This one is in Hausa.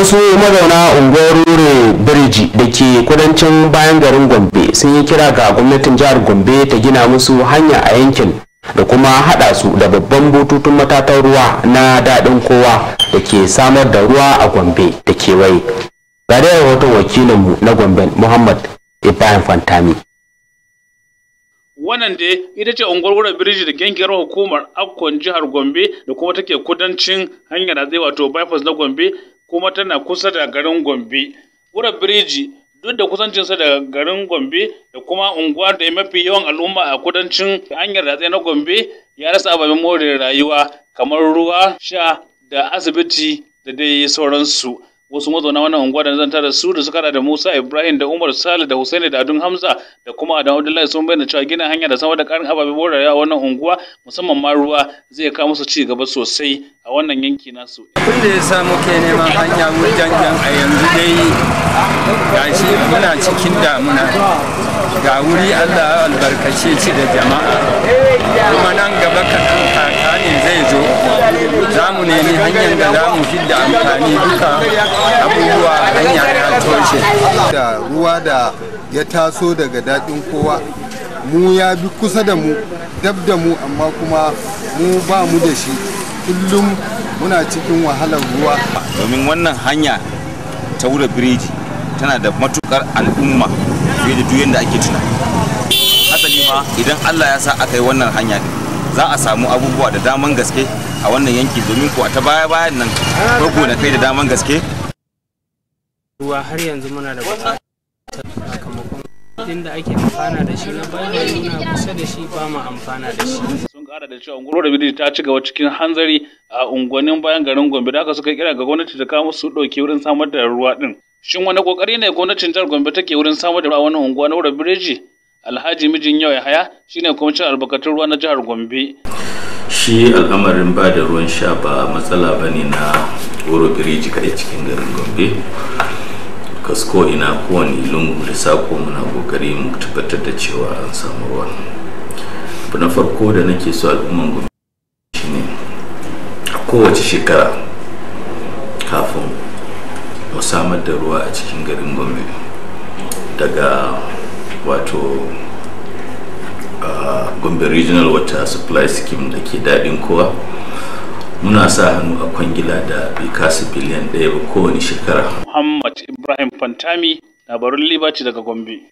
wasu mazauna unguwar rure birji da ke kudancin bayan garin gombe sun yi kira ga gwamnatin jihar gombe ta gina musu hanya a yankin da kuma haɗa su da babban bututun matatan ruwa na daɗin kowa da ke samar da ruwa a gombe da kewaye ga da wata wakilinmu na gombe muhammad ibrahim fantami wannan da ita ce unguwar birji da gengiyar hukumar akkon jihar gombe da kuma take kudancin hanyar da zai wato bifas na gombe kuma tana kusa da garin Gombe. Wura Biriji duk da kusancinsa da garin Gombe da kuma unguwa da mafi yawan al'umma a kudancin hanyar da na Gombe ya rasa ababen more rayuwa kamar ruwa, sha da asibiti da dai sauransu. wasu mazauna wannan unguwa da zan tara su da suka da Musa Ibrahim da Umar Sale da hussein da Adun Hamza da kuma Adamu Abdullahi sun bayyana cewa gina hanya da samar da karin ababen rayuwa wannan unguwa musamman ma ruwa zai kawo musu ci gaba sosai a wannan yanki nasu. Kun da ya samu ke neman hanya mu jangan a yanzu dai gashi muna cikin damuna ga wuri Allah ya albarkace ci da jama'a ne hanyar da za mu fidda amfani duka abubuwa hanya ya toshe da ruwa da ya taso daga daɗin kowa mu ya bi kusa da mu dab da mu amma kuma mu ba mu da shi kullum muna cikin wahalar ruwa domin wannan hanya ta wura biriji tana da matukar al'umma fiye da duk yadda ake tunani asali ma idan allah ya sa aka yi wannan hanya za a samu abubuwa da daman gaske a wannan yanki domin kuwa a ta baya bayan nan farko na kai da daman gaske ruwa har yanzu muna da sakamakon inda ake amfana da shi na bayan muna kusa da shi ba mu amfana da shi sun kara da cewa unguwar da ta ci gaba cikin hanzari a unguwannin bayan garin Gombe da aka suka kira ga gwamnati da kawo su dauke wurin samar da ruwa din shin wani kokari ne gwamnatin jihar Gombe take wurin samar da ruwa a wannan unguwa na wurin Bireji Alhaji mijin yau ya Yahaya shine kuma cin albarkatun ruwa na jihar Gombe. Shi al'amarin ba da ruwan sha ba matsala ba ne na Goro Biriji kaɗai cikin garin Gombe. Kasko ina kowane lungu da sako muna kokari mu tabbatar da cewa an samu ruwa. Abu na farko da nake so al'umman Gombe shi ne kowace shekara kafin mu samar da ruwa a cikin garin Gombe daga wato ah, gombe regional water supply scheme da ke daɗin kowa muna sa hannu a kwangila da bai kasa biliyan ɗaya ba kowane shekara muhammad ibrahim fantami labarun liberty daga gombe